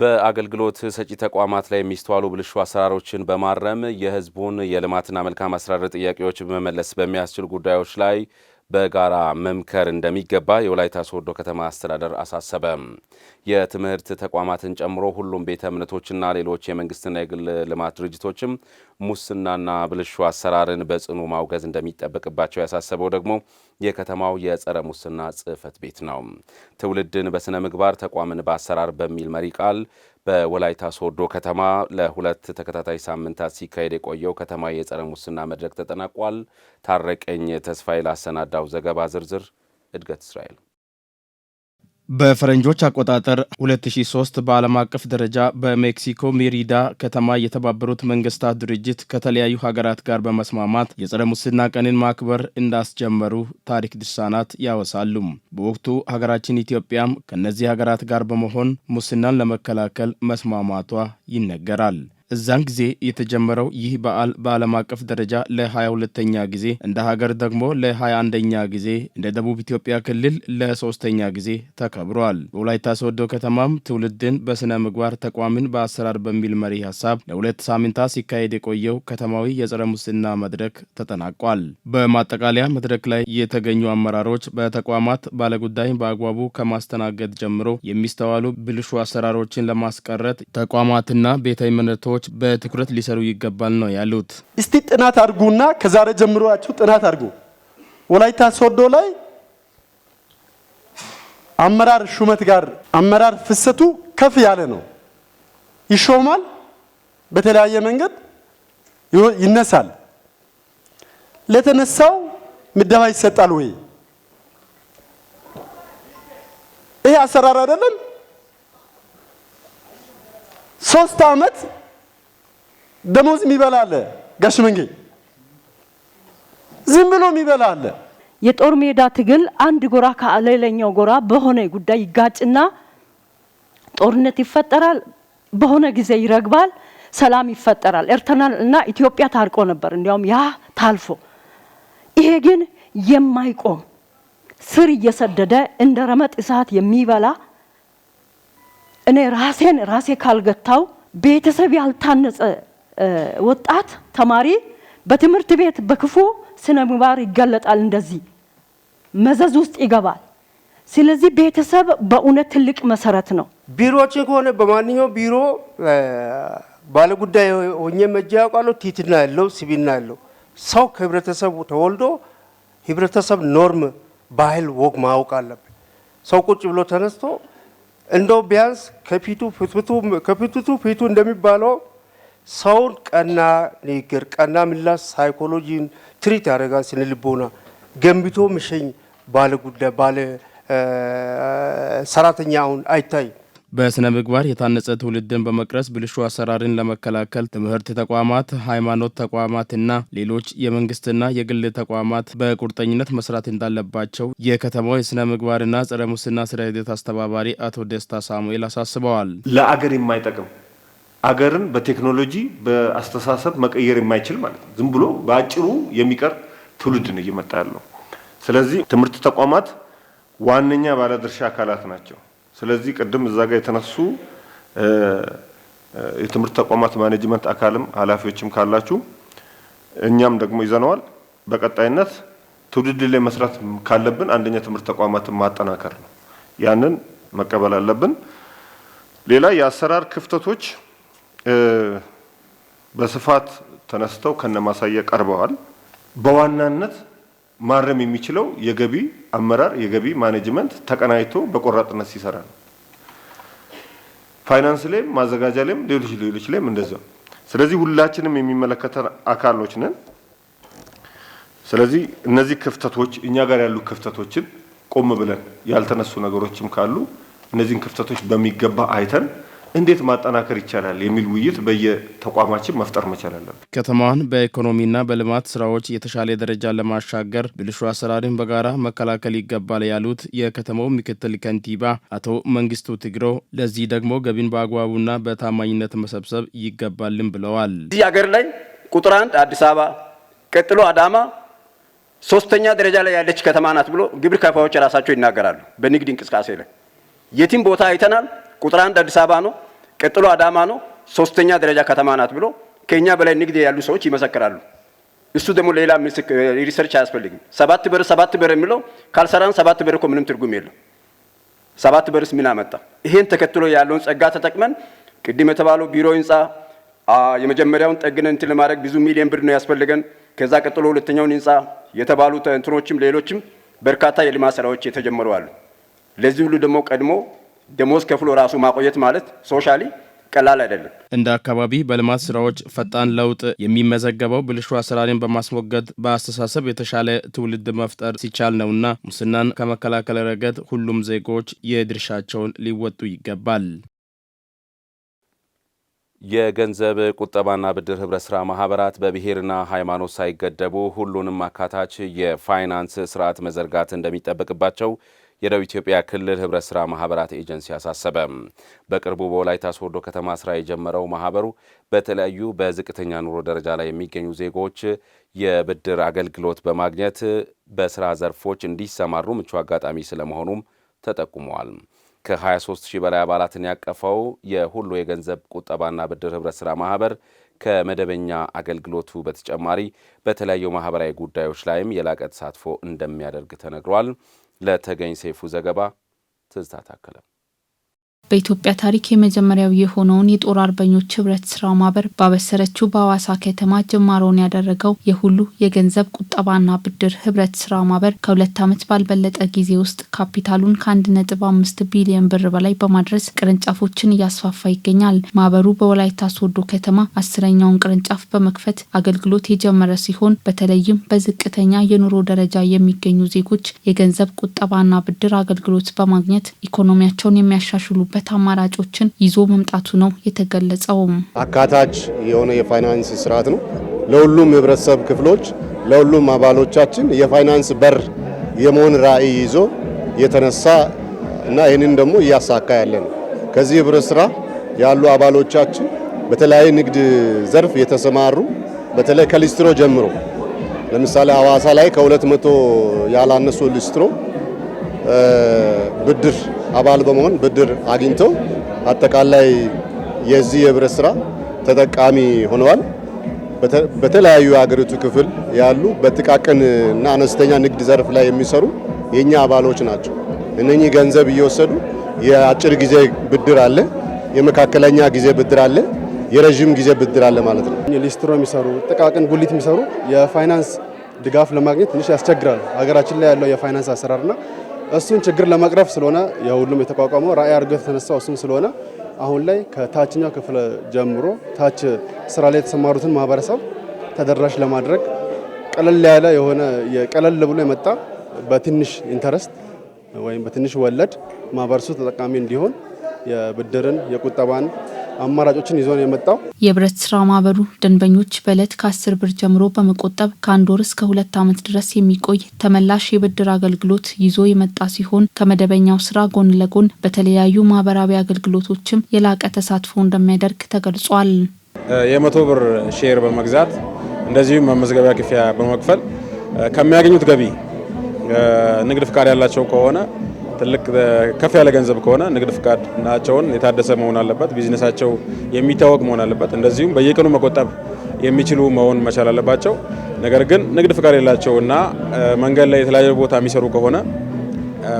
በአገልግሎት ሰጪ ተቋማት ላይ የሚስተዋሉ ብልሹ አሰራሮችን በማረም የህዝቡን የልማትና መልካም አስተዳደር ጥያቄዎች በመመለስ በሚያስችሉ ጉዳዮች ላይ በጋራ መምከር እንደሚገባ የወላይታ ሶዶ ከተማ አስተዳደር አሳሰበ። የትምህርት ተቋማትን ጨምሮ ሁሉም ቤተ እምነቶችና ሌሎች የመንግስትና የግል ልማት ድርጅቶችም ሙስናና ብልሹ አሰራርን በጽኑ ማውገዝ እንደሚጠበቅባቸው ያሳሰበው ደግሞ የከተማው የጸረ ሙስና ጽህፈት ቤት ነው። ትውልድን በሥነ ምግባር ተቋምን በአሰራር በሚል መሪ ቃል በወላይታ ሶዶ ከተማ ለሁለት ተከታታይ ሳምንታት ሲካሄድ የቆየው ከተማ የጸረ ሙስና መድረክ ተጠናቋል። ታረቀኝ ተስፋዬ ላሰናዳው ዘገባ ዝርዝር እድገት እስራኤል በፈረንጆች አቆጣጠር 2003 በዓለም አቀፍ ደረጃ በሜክሲኮ ሜሪዳ ከተማ የተባበሩት መንግስታት ድርጅት ከተለያዩ ሀገራት ጋር በመስማማት የጸረ ሙስና ቀንን ማክበር እንዳስጀመሩ ታሪክ ድርሳናት ያወሳሉ። በወቅቱ ሀገራችን ኢትዮጵያም ከእነዚህ ሀገራት ጋር በመሆን ሙስናን ለመከላከል መስማማቷ ይነገራል። እዛን ጊዜ የተጀመረው ይህ በዓል በዓለም አቀፍ ደረጃ ለ 22 ለተኛ ጊዜ እንደ ሀገር ደግሞ ለ21ኛ ጊዜ እንደ ደቡብ ኢትዮጵያ ክልል ለሶስተኛ ጊዜ ተከብሯል። በወላይታ ሶዶ ከተማም ትውልድን በስነ ምግባር ተቋምን በአሰራር በሚል መሪ ሀሳብ ለሁለት ሳምንታት ሲካሄድ የቆየው ከተማዊ የጸረ ሙስና መድረክ ተጠናቋል። በማጠቃለያ መድረክ ላይ የተገኙ አመራሮች በተቋማት ባለጉዳይን በአግባቡ ከማስተናገድ ጀምሮ የሚስተዋሉ ብልሹ አሰራሮችን ለማስቀረት ተቋማትና ቤተ እምነቶች ስራዎች በትኩረት ሊሰሩ ይገባል ነው ያሉት። እስቲ ጥናት አድርጉና ከዛሬ ጀምሯችሁ ጥናት አድርጉ። ወላይታ ሶዶ ላይ አመራር ሹመት ጋር አመራር ፍሰቱ ከፍ ያለ ነው። ይሾማል፣ በተለያየ መንገድ ይነሳል። ለተነሳው ምደባ ይሰጣል ወይ? ይሄ አሰራር አይደለም። ሶስት አመት። ደሞዝ የሚበላ አለ፣ ጋሽ መንጌ ዝም ብሎ የሚበላ አለ። የጦር ሜዳ ትግል አንድ ጎራ ከሌላኛው ጎራ በሆነ ጉዳይ ይጋጭና ጦርነት ይፈጠራል። በሆነ ጊዜ ይረግባል፣ ሰላም ይፈጠራል። ኤርትራ እና ኢትዮጵያ ታርቆ ነበር። እንዲያውም ያ ታልፎ፣ ይሄ ግን የማይቆም ስር እየሰደደ እንደ ረመጥ እሳት የሚበላ እኔ ራሴን ራሴ ካልገታው ቤተሰብ ያልታነጸ ወጣት ተማሪ በትምህርት ቤት በክፉ ስነ ምግባር ይጋለጣል፣ እንደዚህ መዘዝ ውስጥ ይገባል። ስለዚህ ቤተሰብ በእውነት ትልቅ መሰረት ነው። ቢሮዎችን ከሆነ በማንኛውም ቢሮ ባለጉዳይ ሆኜ መጃ ያውቃለሁ። ቲትና ያለው ሲቢና ያለው ሰው ከህብረተሰቡ ተወልዶ ህብረተሰብ ኖርም፣ ባህል፣ ወግ ማወቅ አለብን። ሰው ቁጭ ብሎ ተነስቶ እንደው ቢያንስ ከፊቱ ፊቱ እንደሚባለው ሰውን ቀና ንግግር፣ ቀና ምላሽ፣ ሳይኮሎጂን ትሪት ያደርጋል። ስነ ልቦና ገንብቶ ምሸኝ ባለ ጉዳይ ባለ ሰራተኛ አሁን አይታይ። በስነ ምግባር የታነጸ ትውልድን በመቅረጽ ብልሹ አሰራርን ለመከላከል ትምህርት ተቋማት፣ ሃይማኖት ተቋማትና ሌሎች የመንግስትና የግል ተቋማት በቁርጠኝነት መስራት እንዳለባቸው የከተማው የስነ ምግባርና ጸረ ሙስና ስራ ሂደት አስተባባሪ አቶ ደስታ ሳሙኤል አሳስበዋል። ለአገር የማይጠቅም አገርን በቴክኖሎጂ በአስተሳሰብ መቀየር የማይችል ማለት ነው። ዝም ብሎ በአጭሩ የሚቀር ትውልድ ነው እየመጣ ያለው። ስለዚህ ትምህርት ተቋማት ዋነኛ ባለድርሻ አካላት ናቸው። ስለዚህ ቅድም እዛ ጋር የተነሱ የትምህርት ተቋማት ማኔጅመንት አካልም ኃላፊዎችም ካላችሁ እኛም ደግሞ ይዘነዋል። በቀጣይነት ትውልድ ላይ መስራት ካለብን አንደኛ ትምህርት ተቋማትን ማጠናከር ነው። ያንን መቀበል አለብን። ሌላ የአሰራር ክፍተቶች በስፋት ተነስተው ከነማሳያ ቀርበዋል። በዋናነት ማረም የሚችለው የገቢ አመራር፣ የገቢ ማኔጅመንት ተቀናጅቶ በቆራጥነት ሲሰራ ነው። ፋይናንስ ላይም ማዘጋጃ ላይም ሌሎች ሌሎች ላይም እንደዛው። ስለዚህ ሁላችንም የሚመለከተን አካሎች ነን። ስለዚህ እነዚህ ክፍተቶች እኛ ጋር ያሉ ክፍተቶችን ቆም ብለን ያልተነሱ ነገሮችም ካሉ እነዚህን ክፍተቶች በሚገባ አይተን እንዴት ማጠናከር ይቻላል የሚል ውይይት በየተቋማችን መፍጠር መቻል አለብን። ከተማዋን በኢኮኖሚና በልማት ስራዎች የተሻለ ደረጃ ለማሻገር ብልሹ አሰራርን በጋራ መከላከል ይገባል ያሉት የከተማው ምክትል ከንቲባ አቶ መንግስቱ ትግሮ፣ ለዚህ ደግሞ ገቢን በአግባቡና በታማኝነት መሰብሰብ ይገባልን ብለዋል። እዚህ ሀገር ላይ ቁጥር አንድ አዲስ አበባ፣ ቀጥሎ አዳማ፣ ሶስተኛ ደረጃ ላይ ያለች ከተማ ናት ብሎ ግብር ከፋዮች ራሳቸው ይናገራሉ። በንግድ እንቅስቃሴ ላይ የትም ቦታ አይተናል። ቁጥር አንድ አዲስ አበባ ነው፣ ቀጥሎ አዳማ ነው፣ ሶስተኛ ደረጃ ከተማ ናት ብሎ ከኛ በላይ ንግድ ያሉ ሰዎች ይመሰክራሉ። እሱ ደግሞ ሌላ ሪሰርች አያስፈልግም። ሰባት በር ሰባት በር የሚለው ካልሰራን ሰባት በር እኮ ምንም ትርጉም የለም። ሰባት በርስ ምን አመጣ? ይሄን ተከትሎ ያለውን ጸጋ ተጠቅመን ቅድም የተባለው ቢሮ ህንፃ የመጀመሪያውን ጠግነን እንትን ለማድረግ ብዙ ሚሊዮን ብር ነው ያስፈልገን። ከዛ ቀጥሎ ሁለተኛውን ህንፃ የተባሉ እንትኖችም ሌሎችም በርካታ የልማት ስራዎች የተጀመሩ አሉ። ለዚህ ሁሉ ደግሞ ቀድሞ ደሞዝ ከፍሎ ራሱ ማቆየት ማለት ሶሻሊ ቀላል አይደለም። እንደ አካባቢ በልማት ስራዎች ፈጣን ለውጥ የሚመዘገበው ብልሹ አሰራርን በማስወገድ በአስተሳሰብ የተሻለ ትውልድ መፍጠር ሲቻል ነውና ሙስናን ከመከላከል ረገድ ሁሉም ዜጎች የድርሻቸውን ሊወጡ ይገባል። የገንዘብ ቁጠባና ብድር ህብረት ስራ ማህበራት በብሔርና ሃይማኖት ሳይገደቡ ሁሉንም አካታች የፋይናንስ ስርዓት መዘርጋት እንደሚጠበቅባቸው የደቡብ ኢትዮጵያ ክልል ህብረት ስራ ማህበራት ኤጀንሲ አሳሰበ። በቅርቡ በወላይታ ሶዶ ከተማ ስራ የጀመረው ማህበሩ በተለያዩ በዝቅተኛ ኑሮ ደረጃ ላይ የሚገኙ ዜጎች የብድር አገልግሎት በማግኘት በስራ ዘርፎች እንዲሰማሩ ምቹ አጋጣሚ ስለመሆኑም ተጠቁመዋል። ከ23 ሺህ በላይ አባላትን ያቀፈው የሁሉ የገንዘብ ቁጠባና ብድር ህብረት ስራ ማህበር ከመደበኛ አገልግሎቱ በተጨማሪ በተለያዩ ማህበራዊ ጉዳዮች ላይም የላቀ ተሳትፎ እንደሚያደርግ ተነግሯል። ለተገኝ ሰይፉ ዘገባ ትዝታ ታከለም በኢትዮጵያ ታሪክ የመጀመሪያው የሆነውን የጦር አርበኞች ህብረት ስራ ማህበር ባበሰረችው በአዋሳ ከተማ ጅማሮውን ያደረገው የሁሉ የገንዘብ ቁጠባና ብድር ህብረት ስራ ማህበር ከሁለት ዓመት ባልበለጠ ጊዜ ውስጥ ካፒታሉን ከአንድ ነጥብ አምስት ቢሊዮን ብር በላይ በማድረስ ቅርንጫፎችን እያስፋፋ ይገኛል። ማህበሩ በወላይታ ሶዶ ከተማ አስረኛውን ቅርንጫፍ በመክፈት አገልግሎት የጀመረ ሲሆን በተለይም በዝቅተኛ የኑሮ ደረጃ የሚገኙ ዜጎች የገንዘብ ቁጠባና ብድር አገልግሎት በማግኘት ኢኮኖሚያቸውን የሚያሻሽሉ የሚገኙበት አማራጮችን ይዞ መምጣቱ ነው የተገለጸው። አካታች የሆነ የፋይናንስ ስርዓት ነው ለሁሉም የህብረተሰብ ክፍሎች ለሁሉም አባሎቻችን የፋይናንስ በር የመሆን ራዕይ ይዞ የተነሳ እና ይህንን ደግሞ እያሳካ ያለ ነው። ከዚህ ህብረት ስራ ያሉ አባሎቻችን በተለያየ ንግድ ዘርፍ የተሰማሩ በተለይ ከሊስትሮ ጀምሮ ለምሳሌ አዋሳ ላይ ከሁለት መቶ ያላነሱ ሊስትሮ ብድር አባል በመሆን ብድር አግኝተው አጠቃላይ የዚህ የህብረት ስራ ተጠቃሚ ሆነዋል። በተለያዩ የሀገሪቱ ክፍል ያሉ በጥቃቅን እና አነስተኛ ንግድ ዘርፍ ላይ የሚሰሩ የእኛ አባሎች ናቸው። እነኚህ ገንዘብ እየወሰዱ የአጭር ጊዜ ብድር አለ፣ የመካከለኛ ጊዜ ብድር አለ፣ የረዥም ጊዜ ብድር አለ ማለት ነው። ሊስትሮ የሚሰሩ ጥቃቅን ጉሊት የሚሰሩ የፋይናንስ ድጋፍ ለማግኘት ትንሽ ያስቸግራል። ሀገራችን ላይ ያለው የፋይናንስ አሰራርና እሱን ችግር ለመቅረፍ ስለሆነ የሁሉም የተቋቋመው ራዕይ አድርገው የተነሳው እሱም ስለሆነ አሁን ላይ ከታችኛው ክፍል ጀምሮ ታች ስራ ላይ የተሰማሩትን ማህበረሰብ ተደራሽ ለማድረግ ቀለል ያለ የሆነ የቀለል ብሎ የመጣ በትንሽ ኢንተረስት ወይም በትንሽ ወለድ ማህበረሰቡ ተጠቃሚ እንዲሆን የብድርን የቁጠባን አማራጮችን ይዞ ነው የመጣው። የህብረት ስራ ማህበሩ ደንበኞች በእለት ከአስር ብር ጀምሮ በመቆጠብ ከአንድ ወር እስከ ሁለት ዓመት ድረስ የሚቆይ ተመላሽ የብድር አገልግሎት ይዞ የመጣ ሲሆን ከመደበኛው ስራ ጎን ለጎን በተለያዩ ማህበራዊ አገልግሎቶችም የላቀ ተሳትፎ እንደሚያደርግ ተገልጿል። የመቶ ብር ሼር በመግዛት እንደዚሁም መመዝገቢያ ክፍያ በመክፈል ከሚያገኙት ገቢ ንግድ ፍቃድ ያላቸው ከሆነ ትልቅ ከፍ ያለ ገንዘብ ከሆነ ንግድ ናቸውን የታደሰ መሆን አለበት። ቢዝነሳቸው የሚታወቅ መሆን አለበት። እንደዚሁም በየቀኑ መቆጠብ የሚችሉ መሆን መቻል አለባቸው። ነገር ግን ንግድ ፍቃድ የሌላቸው እና መንገድ ላይ የተለያዩ ቦታ የሚሰሩ ከሆነ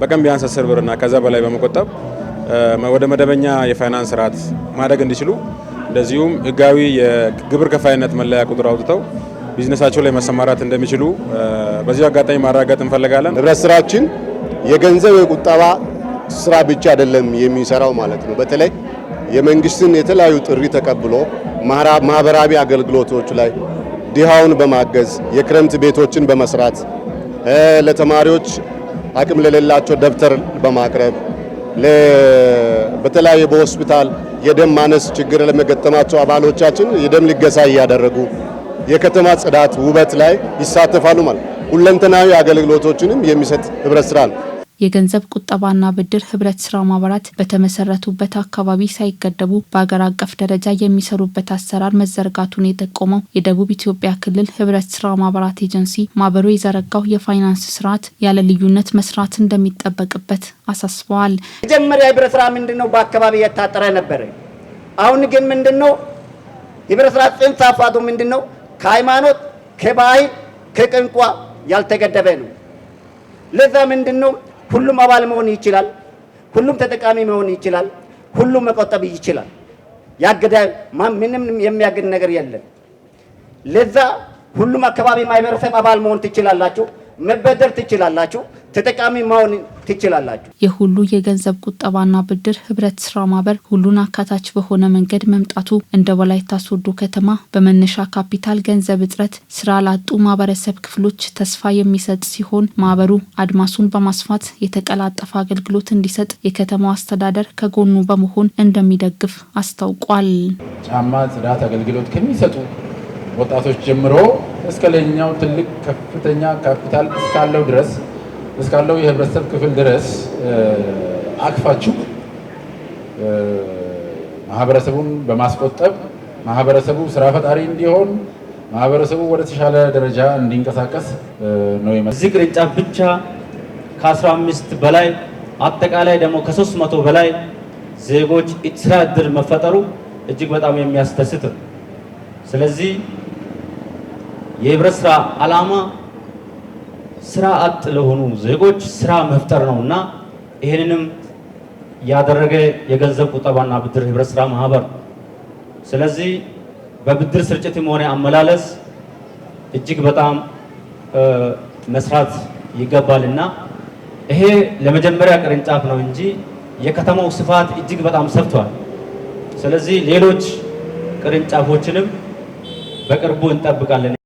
በቀን ቢያንስ አስር ብርና ከዛ በላይ በመቆጠብ ወደ መደበኛ የፋይናንስ ስርዓት ማደግ እንዲችሉ እንደዚሁም ህጋዊ የግብር ከፋይነት መለያ ቁጥር አውጥተው ቢዝነሳቸው ላይ መሰማራት እንደሚችሉ በዚሁ አጋጣሚ ማረጋገጥ እንፈልጋለን። ህብረት ስራችን የገንዘብ የቁጠባ ስራ ብቻ አይደለም የሚሰራው ማለት ነው። በተለይ የመንግስትን የተለያዩ ጥሪ ተቀብሎ ማህበራዊ አገልግሎቶች ላይ ድሃውን በማገዝ የክረምት ቤቶችን በመስራት ለተማሪዎች አቅም ለሌላቸው ደብተር በማቅረብ በተለያየ በሆስፒታል የደም ማነስ ችግር ለመገጠማቸው አባሎቻችን የደም ልገሳ እያደረጉ የከተማ ጽዳት፣ ውበት ላይ ይሳተፋሉ ማለት ሁለንተናዊ አገልግሎቶችንም የሚሰጥ ህብረት ስራ ነው። የገንዘብ ቁጠባና ብድር ህብረት ስራ ማህበራት በተመሰረቱበት አካባቢ ሳይገደቡ በአገር አቀፍ ደረጃ የሚሰሩበት አሰራር መዘርጋቱን የጠቆመው የደቡብ ኢትዮጵያ ክልል ህብረት ስራ ማህበራት ኤጀንሲ ማህበሩ የዘረጋው የፋይናንስ ስርዓት ያለ ልዩነት መስራት እንደሚጠበቅበት አሳስበዋል። መጀመሪያ ህብረት ስራ ምንድን ነው? በአካባቢ የታጠረ ነበረ። አሁን ግን ምንድን ነው ህብረት ስራ ጽንሰ ሀሳቡ ምንድን ነው? ከሃይማኖት፣ ከባህል፣ ከቅንቋ ያልተገደበ ነው። ለዛ ምንድን ነው ሁሉም አባል መሆን ይችላል። ሁሉም ተጠቃሚ መሆን ይችላል። ሁሉም መቆጠብ ይችላል። ያገዳ ምንም የሚያግድ ነገር የለም። ለዛ ሁሉም አካባቢ ማህበረሰብ አባል መሆን ትችላላችሁ፣ መበደር ትችላላችሁ። ተጠቃሚ መሆን ትችላላችሁ። የሁሉ የገንዘብ ቁጠባና ብድር ህብረት ስራ ማህበር ሁሉን አካታች በሆነ መንገድ መምጣቱ እንደ ወላይታ ሶዶ ከተማ በመነሻ ካፒታል ገንዘብ እጥረት ስራ ላጡ ማህበረሰብ ክፍሎች ተስፋ የሚሰጥ ሲሆን ማህበሩ አድማሱን በማስፋት የተቀላጠፈ አገልግሎት እንዲሰጥ የከተማው አስተዳደር ከጎኑ በመሆን እንደሚደግፍ አስታውቋል። ጫማ ጽዳት አገልግሎት ከሚሰጡ ወጣቶች ጀምሮ እስከ ለኛው ትልቅ ከፍተኛ ካፒታል እስካለው ድረስ እስካለው የህብረተሰብ ክፍል ድረስ አክፋችሁ ማህበረሰቡን በማስቆጠብ ማህበረሰቡ ስራ ፈጣሪ እንዲሆን ማህበረሰቡ ወደ ተሻለ ደረጃ እንዲንቀሳቀስ ነው ይመስል እዚህ ቅርንጫፍ ብቻ ከ15 በላይ አጠቃላይ ደግሞ ከ300 በላይ ዜጎች ስራ እድል መፈጠሩ እጅግ በጣም የሚያስደስት ነው። ስለዚህ የህብረት ስራ አላማ። ስራ አጥ ለሆኑ ዜጎች ስራ መፍጠር ነው እና ይህንንም ያደረገ የገንዘብ ቁጠባና ብድር ህብረት ስራ ማህበር። ስለዚህ በብድር ስርጭትም ሆነ አመላለስ እጅግ በጣም መስራት ይገባል እና ይሄ ለመጀመሪያ ቅርንጫፍ ነው እንጂ የከተማው ስፋት እጅግ በጣም ሰፍቷል። ስለዚህ ሌሎች ቅርንጫፎችንም በቅርቡ እንጠብቃለን።